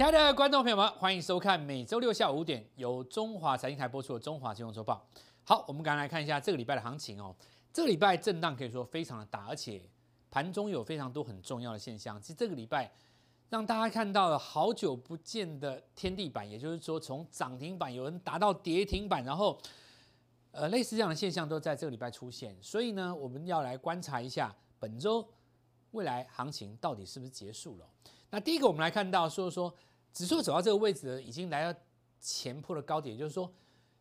親愛的觀眾朋友們，歡迎收看每周六下午五點由中華財經台播出的《中華金融周報》。好，我們趕緊來看一下這個禮拜的行情哦、喔。這個禮拜震盪可以說非常的大，而且盤中有非常多很重要的現象。其實這個禮拜讓大家看到了好久不見的天地板，也就是說，從漲停板有人達到跌停板，然後呃類似這樣的現象都在這個禮拜出現。所以呢，我們要來觀察一下本周未來行情到底是不是結束了。那第一個，我們來看到，說說。指數走到這個位置，已經來到前波的高點就是說，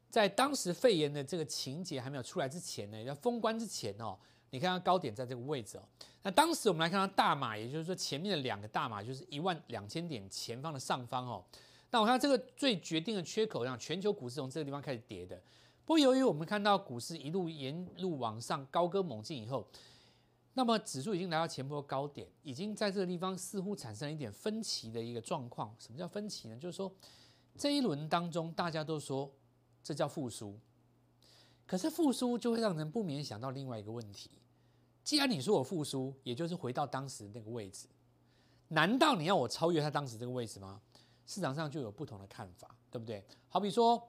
在當時肺炎的這個情節還沒有出來之前呢，要封關之前哦，你看它高點在這個位置哦。那當時我們來看到大碼，也就是說前面的兩個大碼就是一萬兩千點前方的上方哦。那我看到這個最決定的缺口，讓全球股市從這個地方開始跌的。不過由於我們看到股市一路沿路往上高歌猛進以後。那麼指數已經來到前波的高點，已經在這個地方似乎產生了一點分歧的一個狀況。什麼叫分歧呢？就是說這一輪當中，大家都說這叫復甦，可是復甦就會讓人不免想到另外一個問題：既然你說我復甦，也就是回到當時那個位置，難道你要我超越他當時這個位置嗎？市場上就有不同的看法，對不對？好比說，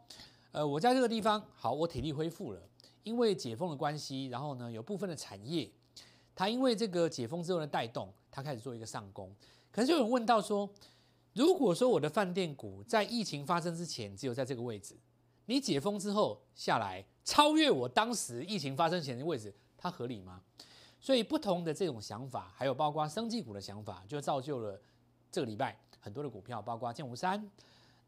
呃，我在這個地方好，我體力恢復了，因為解封的關係，然後呢，有部分的產業。他因為這個解封之後的帶動，他開始做一個上攻。可是就有人問到說，如果說我的飯店股在疫情發生之前只有在這個位置，你解封之後下來超越我當時疫情發生前的位置，它合理嗎？所以不同的這種想法，還有包括生技股的想法，就造就了這個禮拜很多的股票，包括建湖三，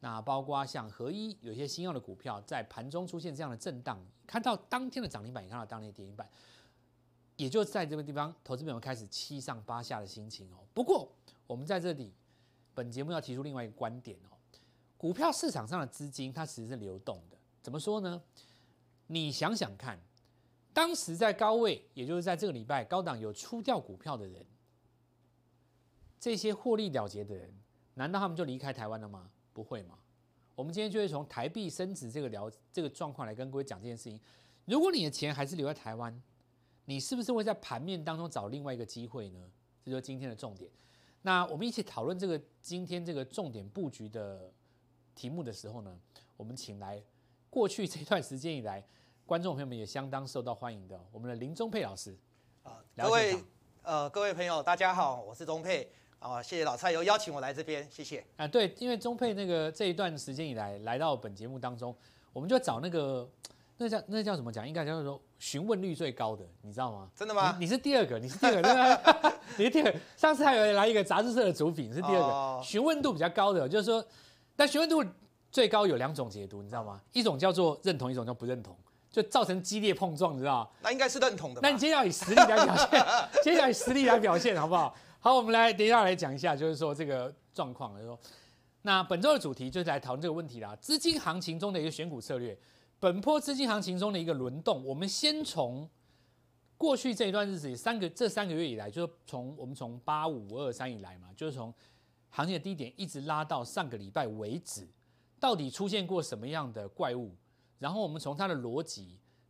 那包括像合一，有一些新藥的股票在盤中出現這樣的震盪，看到當天的漲停板，也看到當天的跌停板。也就在這個地方，投資朋友們開始七上八下的心情哦。不過我們在這裡，本節目要提出另外一個觀點哦。股票市場上的資金它其實是流動的。怎麼說呢？你想想看，當時在高位，也就是在這個禮拜，高檔有出掉股票的人，這些獲利了結的人，難道他們就離開台灣了嗎？不會嗎？我們今天就會從台幣升值這個聊這個狀況來跟各位講這件事情。如果你的錢還是留在台灣，你是不是會在盤面當中找另外一個機會呢？這就是今天的重點。那我們一起討論這個今天這個重點布局的題目的時候呢，我們請來過去這段時間以來，觀眾朋友們也相當受到歡迎的，我們的林中佩老師啊、呃。各位呃各位朋友，大家好，我是中佩啊、呃，謝謝老蔡又邀請我來這邊，謝謝啊。對，因為中佩那個、嗯、這一段時間以來來到本節目當中，我們就找那個。那叫那叫什麼講？應該叫做詢問率最高的，你知道嗎？真的嗎你？你是第二個，你是第二個， 的你是第二個。上次還有人來一個雜誌社的主筆，你是第二個，詢、oh. 問度比較高的，就是說，但詢問度最高有兩種解讀，你知道嗎？一種叫做認同，一種叫不認同，就造成激烈碰撞，你知道嗎？那應該是認同的。那你今天要以實力來表現，接下來 要以實力來表現，好不好？好，我們來等一下來講一下，就是說這個狀況，就是、說那本週的主題就是來討論這個問題啦，資金行情中的一個選股策略。本波資金行情中的一個輪動，我們先從過去這一段日子裡，三個這三個月以來，就是從我們從八五二三以來嘛，就是從行情的低點一直拉到上個禮拜為止，到底出現過什麼樣的怪物？然後我們從它的邏輯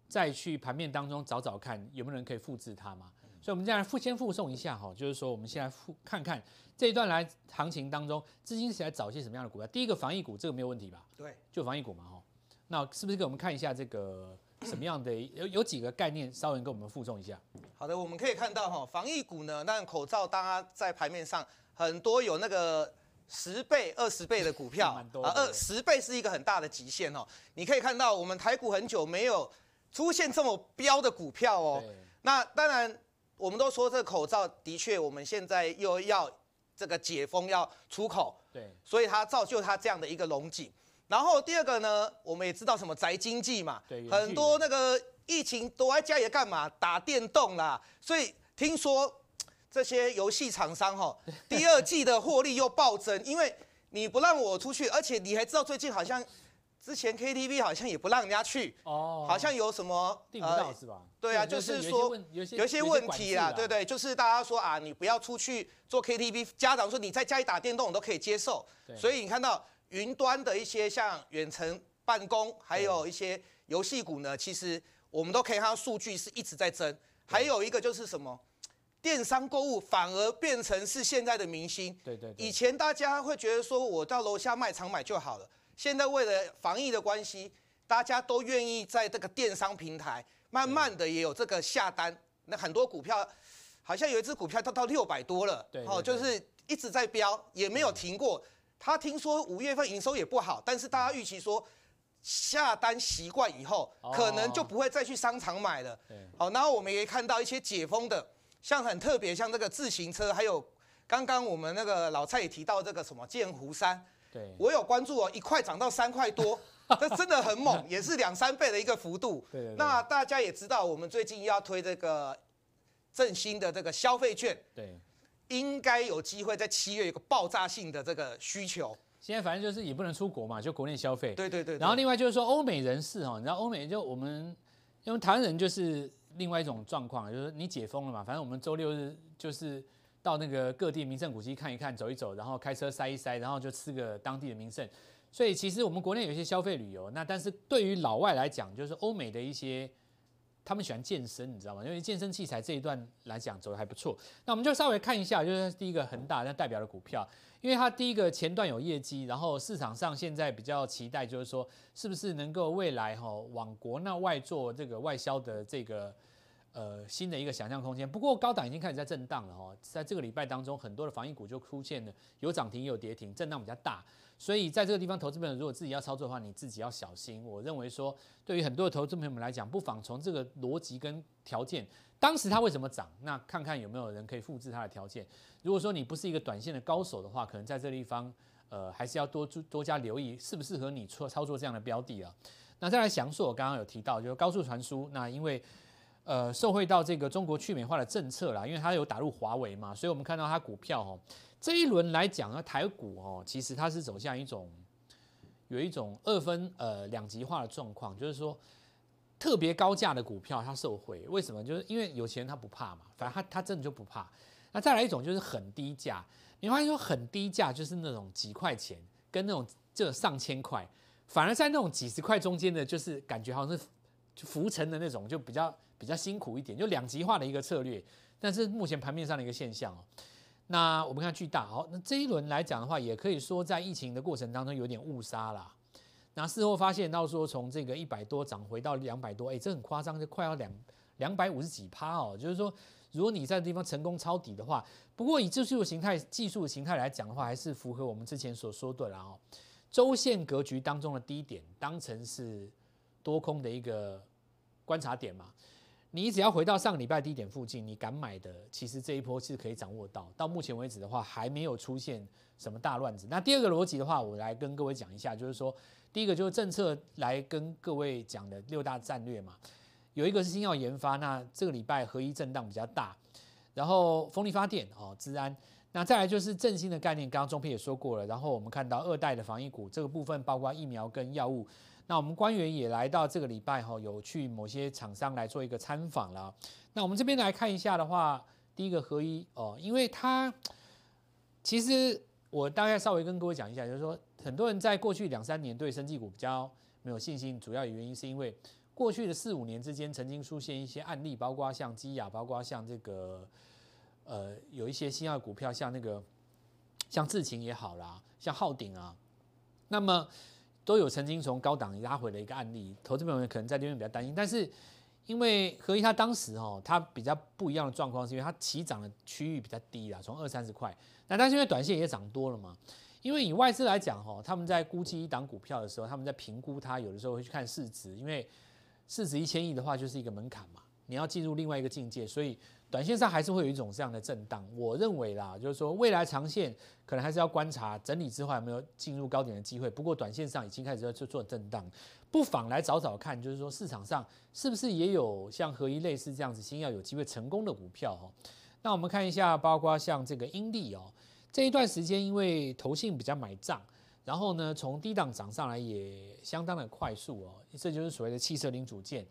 再去盤面當中找找看有沒有人可以複製它嘛？所以，我們再來複先複誦一下哈，就是說我們先來複看看這一段來行情當中資金是來找一些什麼樣的股票？第一個防疫股，這個沒有問題吧？對，就防疫股嘛，哈。那是不是給我們看一下這個什麼樣的有有幾個概念？稍微給我們附送一下。好的，我們可以看到哈、哦，防疫股呢，那口罩，大家在盤面上很多有那個十倍、二十倍的股票，二十 蠻多的、啊、倍是一個很大的極限哦。你可以看到，我們台股很久沒有出現這麼標的股票哦。對那當然，我們都說這口罩的確，我們現在又要這個解封要出口，對所以它造就它這樣的一個龍景。然後第二個呢，我們也知道什麼宅經濟嘛，很多那個疫情躲在家裡幹嘛打電動啦，所以聽說這些遊戲廠商吼、哦，第二季的獲利又暴增， 因為你不讓我出去，而且你還知道最近好像之前 K T V 好像也不讓人家去哦，好像有什麼啊是吧？呃、對啊，對就是說有一些問題啦、啊，啊、對對，就是大家說啊，你不要出去做 K T V，家長說你在家裡打電動我都可以接受，對所以你看到。雲端的一些像遠程辦公，還有一些遊戲股呢，其實我們都可以看到數據是一直在增。還有一個就是什麼，電商購物反而變成是現在的明星。以前大家會覺得說我到樓下賣場買就好了，現在為了防疫的關係，大家都願意在這個電商平台，慢慢的也有這個下單。那很多股票，好像有一隻股票它到六百多了，哦，就是一直在飆，也沒有停過。他聽說五月份營收也不好，但是大家預期說下單習慣以後，oh, 可能就不會再去商場買了。好對、哦，然後我們也看到一些解封的，像很特別，像這個自行車，還有剛剛我們那個老蔡也提到這個什麼劍湖山。對，我有關注哦，一塊漲到三塊多， 這真的很猛，也是兩三倍的一個幅度。對，對，對，那大家也知道，我們最近要推這個振興的這個消費券。對。應該有機會在七月有個爆炸性的這個需求。現在反正就是也不能出國嘛，就國內消費。對對對。然後另外就是說歐美人士哈，你知道歐美就我們因為台灣人就是另外一種狀況，就是你解封了嘛，反正我們週六日就是到那個各地名勝古蹟看一看、走一走，然後開車塞一塞，然後就吃個當地的名勝。所以其實我們國內有一些消費旅遊，那但是對於老外來講，就是歐美的一些。他們喜歡健身，你知道嗎？因為健身器材，這一段來講走得還不錯。那我們就稍微看一下，就是第一個很大的代表的股票，因為它第一個前段有業績，然後市場上現在比較期待，就是說是不是能夠未來哈往國內外做這個外銷的這個呃新的一個想象空間。不過高檔已經開始在震盪了哈，在這個禮拜當中，很多的防疫股就出現了有漲停也有跌停，震盪比較大。所以在這個地方，投資朋友如果自己要操作的話，你自己要小心。我認為說，對於很多的投資朋友們來講，不妨從這個邏輯跟條件，當時它為什麼漲，那看看有沒有人可以複製它的條件。如果說你不是一個短線的高手的話，可能在這地方，呃，還是要多注多加留意，適不適合你操操作這樣的標的啊。那再來詳述我剛剛有提到，就是高速傳輸，那因為呃受惠到這個中國去美化的政策啦，因為它有打入華為嘛，所以我們看到它股票哈、喔。這一輪來講呢，台股哦，其實它是走向一種有一種二分呃兩極化的狀況，就是說特別高價的股票它受惠，為什麼？就是因為有錢人他不怕嘛，反正他他真的就不怕。那再來一種就是很低價，你發現說很低價就是那種幾塊錢，跟那種就上千塊，反而在那種幾十塊中間的，就是感覺好像是浮沉的那種，就比較比較辛苦一點，就兩極化的一個策略，但是目前盤面上的一個現象哦。那我們看巨大，好，那這一輪來講的話，也可以說在疫情的過程當中有點誤殺啦。那事後發現到說，從這個一百多漲回到兩百多，哎、欸，這很誇張，就快要兩兩百五十幾趴哦。就是說，如果你在這地方成功抄底的話，不過以技術形態、技術的形態來講的話，還是符合我們之前所說的，了哦，週線格局當中的低點當成是多空的一個觀察點嘛。你只要回到上個禮拜低點附近，你敢買的，其實這一波是可以掌握到。到目前為止的話，還沒有出現什麼大亂子。那第二個邏輯的話，我來跟各位講一下，就是說，第一個就是政策來跟各位講的六大戰略嘛，有一個是新藥研發，那這個禮拜合一震盪比較大，然後風力發電哦，資安，那再來就是振興的概念，剛剛中平也說過了，然後我們看到二代的防疫股，這個部分包括疫苗跟藥物。那我們官員也來到這個禮拜吼，有去某些廠商來做一個參訪啦。那我們這邊來看一下的話，第一個合一哦，因為它其實我大概稍微跟各位講一下，就是說很多人在過去兩三年對生技股比較沒有信心，主要原因是因為過去的四五年之間曾經出現一些案例，包括像基亞，包括像這個呃，有一些新藥股票，像那個像智擎也好啦，像浩鼎啊，那麼。都有曾經從高檔拉回的一個案例，投資朋友們可能在這邊比較擔心，但是因為合一他當時哦，他比較不一樣的狀況是因為他起漲的區域比較低啦，從二三十塊，那但是因為短線也漲多了嘛，因為以外資來講哦，他們在估計一檔股票的時候，他們在評估它有的時候會去看市值，因為市值一千億的話就是一個門檻嘛，你要進入另外一個境界，所以。短線上還是會有一種這樣的震盪，我認為啦，就是說未來長線可能還是要觀察整理之後有沒有進入高點的機會。不過短線上已經開始要去做震盪，不妨來找找看，就是說市場上是不是也有像合一類似這樣子新藥有機會成功的股票哈、喔。那我們看一下，包括像這個英利哦，這一段時間因為投信比較買賬，然後呢從低檔漲上來也相當的快速哦、喔，這就是所謂的汽車零組件。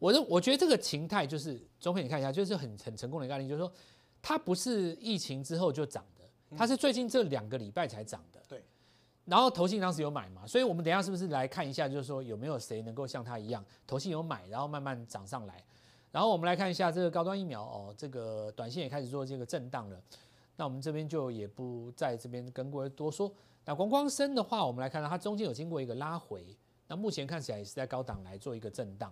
我我我覺得這個形態就是鍾輝，你看一下，就是很很成功的一個案例，就是說它不是疫情之後就漲的，它是最近這兩個禮拜才漲的。對。然後投信當時有買嘛，所以我們等一下是不是來看一下，就是說有沒有誰能夠像它一樣，投信有買，然後慢慢漲上來。然後我們來看一下這個高端疫苗哦、喔，這個短線也開始做這個震盪了。那我們這邊就也不在這邊跟各位多說。那國光生的話，我們來看到、啊、它中間有經過一個拉回，那目前看起來也是在高檔來做一個震盪。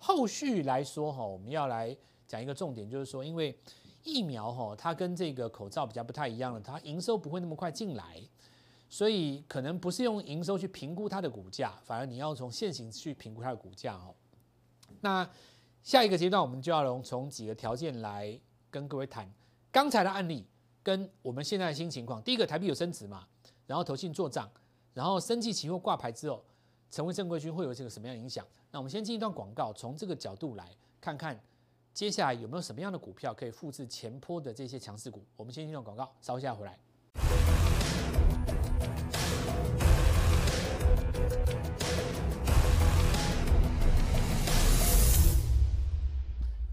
後續來說哈，我們要來講一個重點，就是說，因為疫苗哈，它跟這個口罩比較不太一樣了，它營收不會那麼快進來，所以可能不是用營收去評估它的股價，反而你要從現行去評估它的股價哦。那下一個階段，我們就要從幾個條件來跟各位談。剛才的案例跟我們現在的新情況，第一個，台幣有升值嘛，然後投信作帳，然後生技期貨掛牌之後。成為正規軍會有這個什麼樣的影響？那我們先進一段廣告，從這個角度來看看接下來有沒有什麼樣的股票可以複製前波的這些強勢股。我們先進一段廣告，稍一下來回來。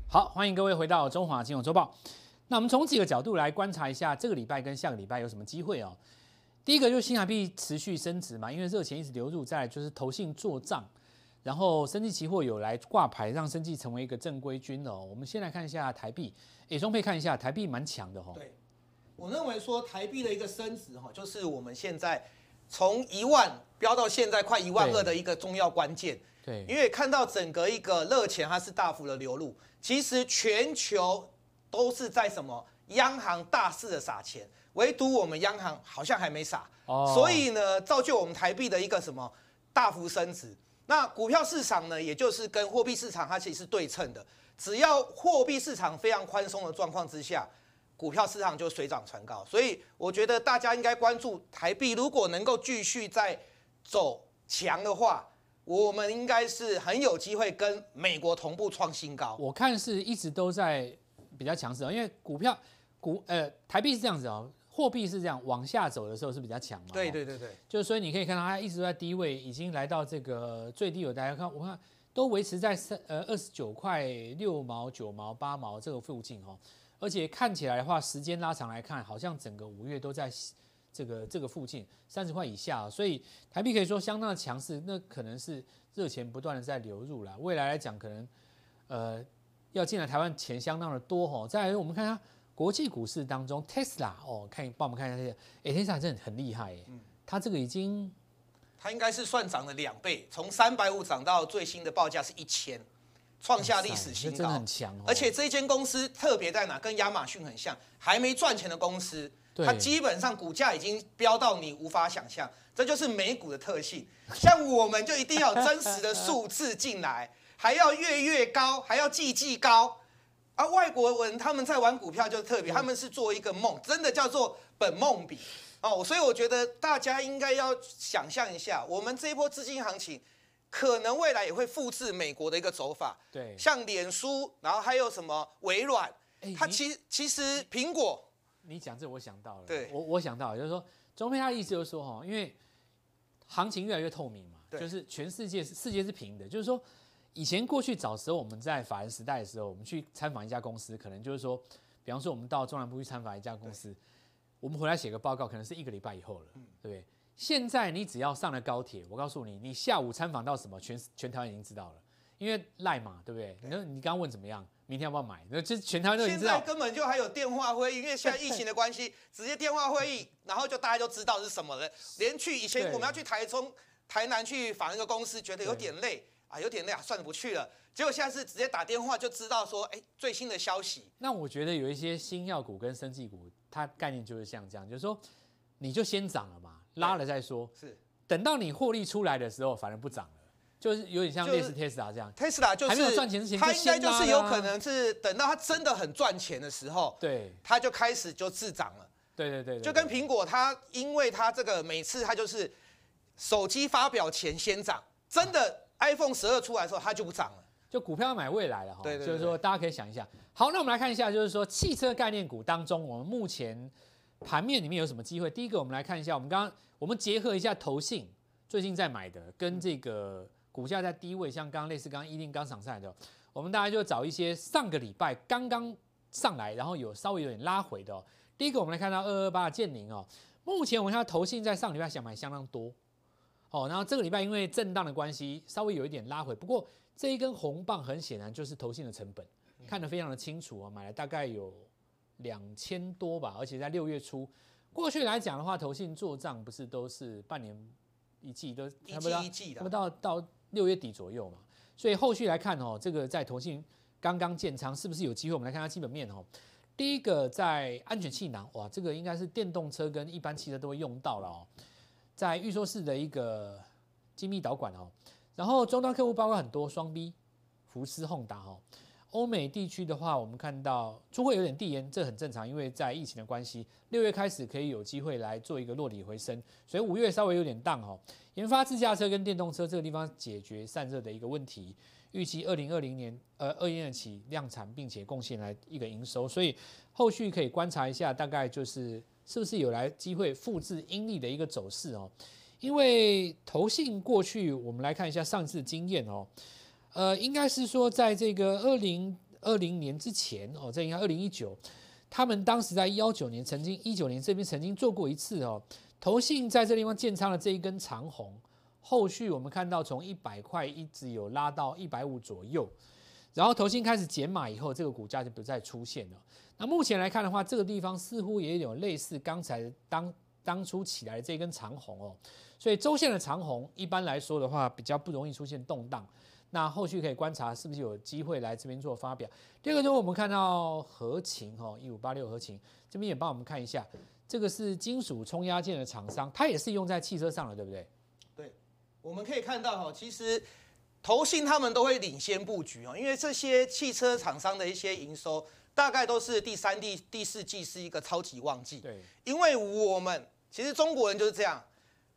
好，歡迎各位回到中華金融周報。那我們從幾個角度來觀察一下，這個禮拜跟下個禮拜有什麼機會哦？第一個就是新台幣持續升值嘛，因為熱錢一直流入，再來就是投信做賬，然後生技期貨有來掛牌，讓生技成為一個正規軍哦，我們先來看一下台幣，哎，可以看一下台幣蠻強的哈、哦。對，我認為說台幣的一個升值哈、哦，就是我們現在從一萬飆到現在快一萬二的一個重要關鍵。對，對，因為看到整個一個熱錢它是大幅的流入，其實全球都是在什麼央行大肆的撒錢。唯獨我們央行好像還沒傻，oh. 所以呢，造就我們台幣的一個什麼大幅升值。那股票市場呢，也就是跟貨幣市場它其實是對稱的。只要貨幣市場非常寬鬆的狀況之下，股票市場就水漲船高。所以我覺得大家應該關注台幣，如果能夠繼續在走強的話，我們應該是很有機會跟美國同步創新高。我看是一直都在比較強勢喔，因為股票股呃台幣是這樣子哦，喔。貨幣是這樣，往下走的時候是比較強嘛？對對對對，就是所以你可以看到它一直在低位，已經來到這個最低有，大家看，我看都維持在三呃，二十九塊六毛九毛八毛這個附近哦。而且看起來的話，時間拉長來看，好像整個五月都在這個這個附近三十塊以下。所以台幣可以說相當的強勢，那可能是熱錢不斷的在流入啦。未來來講，可能呃要進來台灣錢相當的多哦。再來我們看一下。國際股市當中，Tesla 哦，看，幫我們看一下這個、欸、，Tesla 真的很厲害耶。嗯、它這個已經，它應該是算漲了兩倍，從三百五漲到最新的報價是一千，創下歷史新高，嗯、真的很強、哦。而且這一間公司特別在哪？跟亞馬遜很像，還沒賺錢的公司，對它基本上股價已經飆到你無法想象，這就是美股的特性。像我們就一定要真實的數字進來， 還要月月高，還要季季高。而、啊、外國人他們在玩股票就特別，嗯、他們是做一個夢，真的叫做本夢比哦，所以我覺得大家應該要想象一下，我們這一波資金行情，可能未來也會複製美國的一個走法。對，像臉書，然後還有什麼微軟，欸、它其實你其實蘋果。你講這我對我，我想到了。對，我我想到就是說，中非他的意思就是說哈，因為行情越來越透明嘛，對就是全世界世界是平的，就是說。以前過去早時候我們在法人時代的時候，我們去參訪一家公司，可能就是說，比方說我們到中南部去參訪一家公司，對 我們回來寫個報告，可能是一個禮拜以後了，嗯、對不對？現在你只要上了高鐵，我告訴你，你下午參訪到什麼，全全台灣已經知道了，因為賴嘛，對不對？你你剛剛問怎麼樣，明天要不要買？那這全台灣都知道，現在根本就還有電話會議，因為現在疫情的關係，直接電話會議，然後就大家就知道是什麼了。連去以前我們要去台中、台南去訪一個公司，覺得有點累。啊，有點累啊，算了不去了。結果下次直接打電話就知道說，欸、最新的消息。那我覺得有一些新藥股跟生技股，它概念就是像這樣，就是說，你就先漲了嘛，拉了再說。是，等到你獲利出來的時候，反而不漲了，就是有點像類似 tesla 這樣。Tesla 就是，它、啊、應該就是有可能是等到它真的很賺錢的時候，對，它就開始就自漲了。對對，對對對，就跟蘋果，它，因為它這個每次它就是手機發表前先漲，真的、啊。iPhone 十二出來的時候，它就不漲了。就股票要買未來的哈，對對對，就是說大家可以想一下。好，那我們來看一下，就是說汽車概念股當中，我們目前盤面裡面有什麼機會？第一個，我們來看一下，我們剛剛我們結合一下投信最近在買的，跟這個股價在低位，像剛剛類似剛剛一令剛漲上來的，我們大家就找一些上個禮拜剛剛上來，然後有稍微有點拉回的哦。第一個，我們來看到二二八的劍麟哦，目前我們看到投信在上禮拜想買相當多。哦，然後這個禮拜因為震盪的關係，稍微有一點拉回。不過這一根紅棒很顯然就是投信的成本，看得非常的清楚啊，買了大概有兩千多吧。而且在六月初，過去來講的話，投信做賬不是都是半年一季都差不多，差不多，一季的，不到到六月底左右嘛。所以後續來看哦，這個在投信剛剛建倉，是不是有機會？我們來看一下基本面哦。第一個在安全氣囊，哇，這個應該是電動車跟一般汽車都會用到了哦。在預收市的一個精密導管哦，然後終端客戶包括很多雙 B、福斯、亨達哈、哦。歐美地區的話，我們看到出貨有點遞延，這很正常，因為在疫情的關係，六月開始可以有機會來做一個落底回升，所以五月稍微有點淡哦，研發自駕車跟電動車這個地方解決散熱的一個問題，預期二零二零年呃二月起量產，並且貢獻來一個營收，所以後續可以觀察一下，大概就是。是不是有來機會複製陰曆的一個走勢哦？因為投信過去，我們來看一下上一次經驗哦。呃，應該是說，在這個二零二零年之前哦，這應該二零一九，他們當時在幺九年曾經一九年這邊曾經做過一次哦，投信在這地方建倉了這一根長紅，後續我們看到從一百塊一直有拉到一百五左右，然後投信開始減碼以後，這個股價就不再出現了。那、啊、目前來看的話，這個地方似乎也有類似剛才當當初起來的這根長紅哦，所以週線的長紅一般來說的話，比較不容易出現動盪。那後續可以觀察是不是有機會來這邊做發表。第二個就是我們看到和勤哦，一五八六和勤這邊也幫我們看一下，這個是金屬沖壓件的廠商，它也是用在汽車上的，對不對？對，我們可以看到哈，其實投信他們都會領先布局哦，因為這些汽車廠商的一些營收，大概都是第三第第四季是一個超級旺季，對，因為我們其實中國人就是這樣，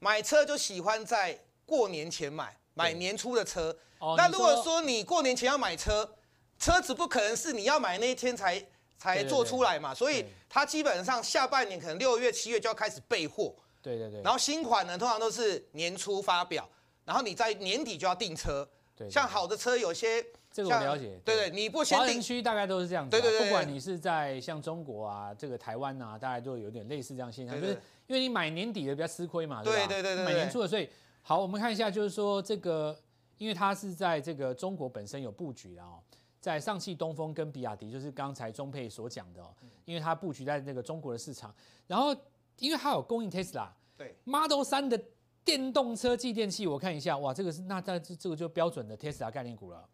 買車就喜歡在過年前買，對買年初的車。哦、那如果說你過年前要買車，車子不可能是你要買那一天才才做出來嘛，對對對所以它基本上下半年可能六月七月就要開始備貨。對對對。然後新款呢，通常都是年初發表，然後你在年底就要訂車。對，對，對，像好的車有些。這個我了解，對對，你不喜定。華人區大概都是這樣子，啊，對對對對，不管你是在像中國啊，這個台灣啊，大概都有點類似這樣現象，對對對對，就是因為你買年底的比較吃虧嘛，對吧？對對對，買年初的，所以好，我們看一下，就是說這個，因為它是在這個中國本身有布局了哦，在上汽東風跟比亞迪，就是剛才鍾佩所講的哦，因為它布局在那個中國的市場，然後因為它有供應 Tesla 對，Model 3的電動車繼電器，我看一下，哇，這個是那這這個就標準的 Tesla 概念股了。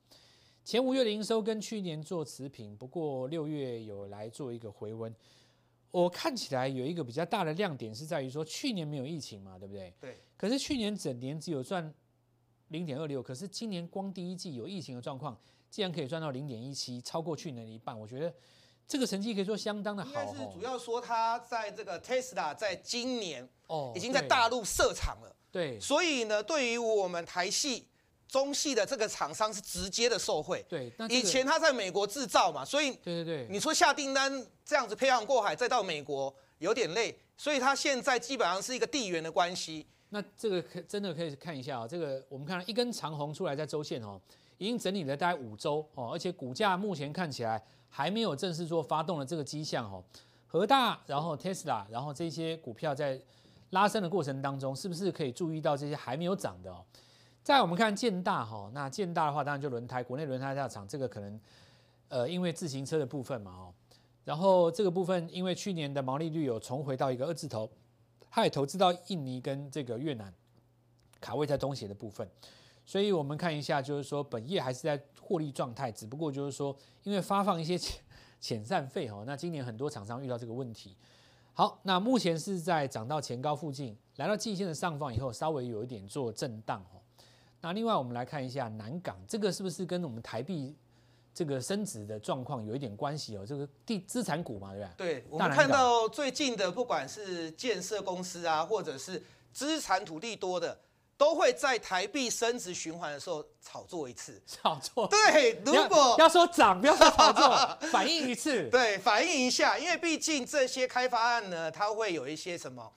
前五月的營收跟去年做持平，不過六月有來做一個回溫。我、oh, 看起來有一個比較大的亮點是在於說，去年沒有疫情嘛，對不對？對。可是去年整年只有賺零點二六，可是今年光第一季有疫情的狀況，竟然可以賺到零點一七，超過去年的一半。我覺得這個成績可以說相當的好。但是主要說，它在這個 Tesla 在今年已經在大陸設廠了，哦、對。對。所以呢，對於我們台系。中系的這個廠商是直接的受惠，對，以前他在美國制造嘛，所以對對對，你說下訂單這樣子漂洋過海再到美國有點累，所以他現在基本上是一個地緣的關係。那這個可真的可以看一下啊、哦，這個我們看到一根長紅出來在周線哦，已經整理了大概五周哦，而且股價目前看起來還沒有正式做發動的這個跡象哦。和大，然後特斯拉，然後這些股票在拉升的過程當中，是不是可以注意到這些還沒有漲的哦？再來我們看建大哈，那建大的話，當然就輪胎，國內輪胎大廠，這個可能，呃，因為自行車的部分嘛，哦，然後這個部分因為去年的毛利率有重回到一個二字頭，它也投資到印尼跟這個越南，卡位在東協的部分，所以我們看一下，就是說本業還是在獲利狀態，只不過就是說因為發放一些遣遣散費哦，那今年很多廠商遇到這個問題。好，那目前是在漲到前高附近，來到季線的上方以後，稍微有一點做震盪那另外，我們來看一下南港這個是不是跟我們台幣這個升值的狀況有一點關係哦？這個地資產股嘛，對不對？對，我們看到最近的，不管是建設公司啊，或者是資產土地多的，都會在台幣升值循環的時候炒作一次。炒作？對，如果要，要說漲，不要說炒作， 反映一次。對，反映一下，因為畢竟這些開發案呢，它會有一些什麼？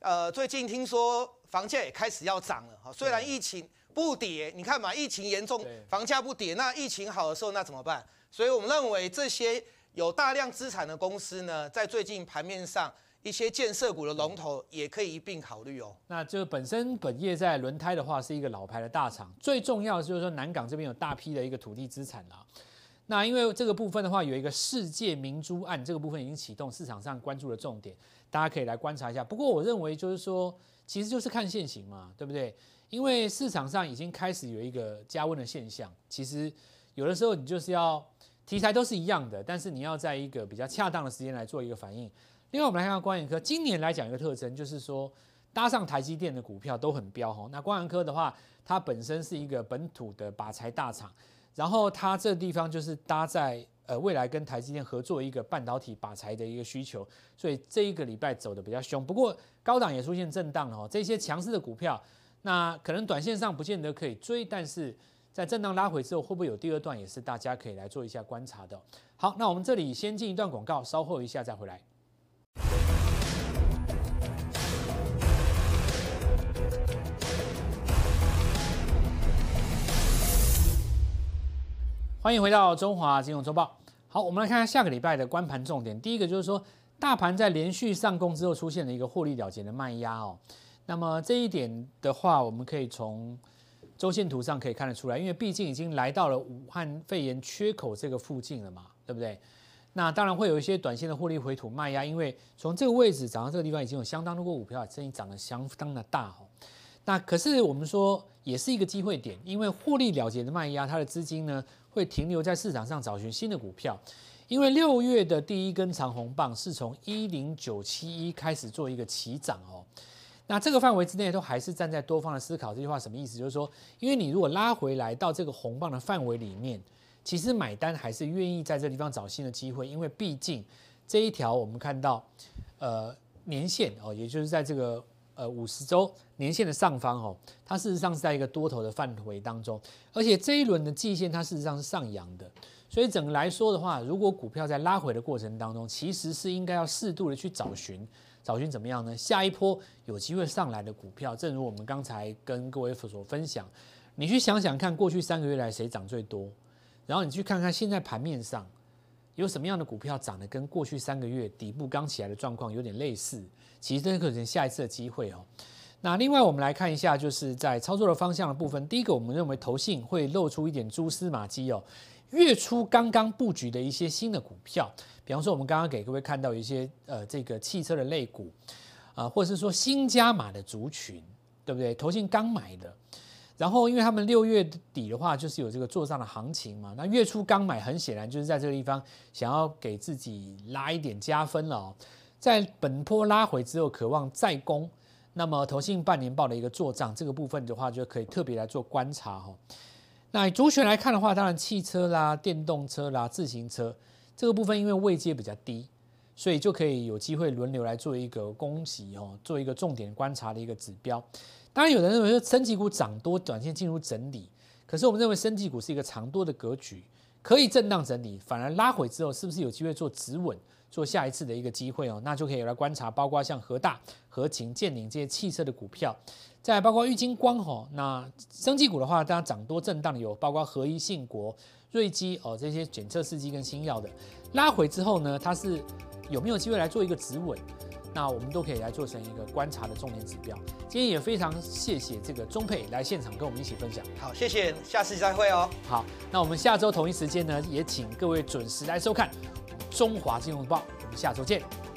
呃，最近聽說房價也開始要漲了哈，雖然疫情。不跌，你看嘛，疫情嚴重，房價不跌。那疫情好的時候，那怎麼辦？所以我們認為這些有大量資產的公司呢，在最近盤面上一些建設股的龍頭也可以一併考慮哦。那就本身本業在輪胎的話是一個老牌的大廠，最重要的是就是說南港這邊有大批的一個土地資產啦。那因為這個部分的話，有一個世界明珠案，這個部分已經啟動，市場上關注的重點，大家可以來觀察一下。不過我認為就是說，其實就是看現行嘛，對不對？因為市場上已經開始有一個加溫的現象，其實有的時候你就是要題材都是一樣的，但是你要在一個比較恰當的時間來做一個反應。另外，我們來看看光洋科，今年來講一個特徵就是說搭上台積電的股票都很飆。吼。那光洋科的話，它本身是一個本土的靶材大廠，然後它這個地方就是搭在呃未來跟台積電合作一個半導體靶材的一個需求，所以這一個禮拜走得比較凶。不過高檔也出現震盪了，這些強勢的股票。那可能短線上不見得可以追，但是在震盪拉回之後，會不會有第二段也是大家可以來做一下觀察的。好，那我們這裡先進一段廣告，稍後一下再回來。歡迎回到《中華金融周報》。好，我們來看下下個禮拜的觀盤重點。第一個就是說，大盤在連續上攻之後，出現了一個獲利了結的賣壓哦。那麼這一點的話，我們可以從週線圖上可以看得出來，因為畢竟已經來到了武漢肺炎缺口這個附近了嘛，對不對？那當然會有一些短線的獲利回吐賣壓，因為從這個位置，漲到這個地方已經有相當多個股票，真的漲得相當的大哦。那可是我們說，也是一個機會點，因為獲利了結的賣壓，它的資金呢會停留在市場上找尋新的股票，因為六月的第一根長紅棒是從一零九七一開始做一個起漲哦。那這個範圍之內都還是站在多方的思考。這句話什麼意思？就是說，因為你如果拉回來到這個紅棒的範圍裡面，其實買單還是願意在這地方找新的機會，因為畢竟這一條我們看到，呃，年線，哦，也就是在這個呃五十周年線的上方哦，它事實上是在一個多頭的範圍當中，而且這一輪的季線它事實上是上揚的，所以整個來說的話，如果股票在拉回的過程當中，其實是應該要適度的去找尋。找尋怎麼樣呢？下一波有機會上來的股票，正如我們剛才跟各位所分享，你去想想看，過去三個月來誰漲最多？然後你去看看現在盤面上有什麼樣的股票漲得跟過去三個月底部剛起來的狀況有點類似，其實這可能下一次的機會哦。那另外我們來看一下，就是在操作的方向的部分，第一個我們認為投信會露出一點蛛絲馬跡哦，月初剛剛布局的一些新的股票。比方說，我們剛剛給各位看到一些呃，這個汽車的類股，啊、呃，或者是說新加碼的族群，對不對？投信剛買的，然後因為他們六月底的話，就是有這個做賬的行情嘛，那月初剛買，很顯然就是在這個地方想要給自己拉一點加分了哦。在本波拉回之後，渴望再攻，那麼投信半年報的一個做賬這個部分的話，就可以特別來做觀察哈哦。那以族群來看的話，當然汽車啦、電動車啦、自行車。這個部分因為位階比較低，所以就可以有機會輪流來做一個攻擊哦，做一個重點觀察的一個指標。當然，有人認為說，升級股漲多，短線進入整理。可是，我們認為升級股是一個長多的格局，可以震盪整理，反而拉回之後，是不是有機會做止穩？做下一次的一個機會哦，那就可以來觀察，包括像和大、和勤、劍麟這些汽車的股票，再包括鬱金光吼、哦，那生技股的話，大家漲多震盪有，包括合一、信國、瑞基哦這些檢測試劑跟新藥的拉回之後呢，它是有沒有機會來做一個止穩？那我們都可以來做成一個觀察的重點指標。今天也非常謝謝這個中配來現場跟我們一起分享。好，謝謝，下次再會哦。好，那我們下周同一時間呢，也請各位準時來收看。《中華金融報》，我們下周見。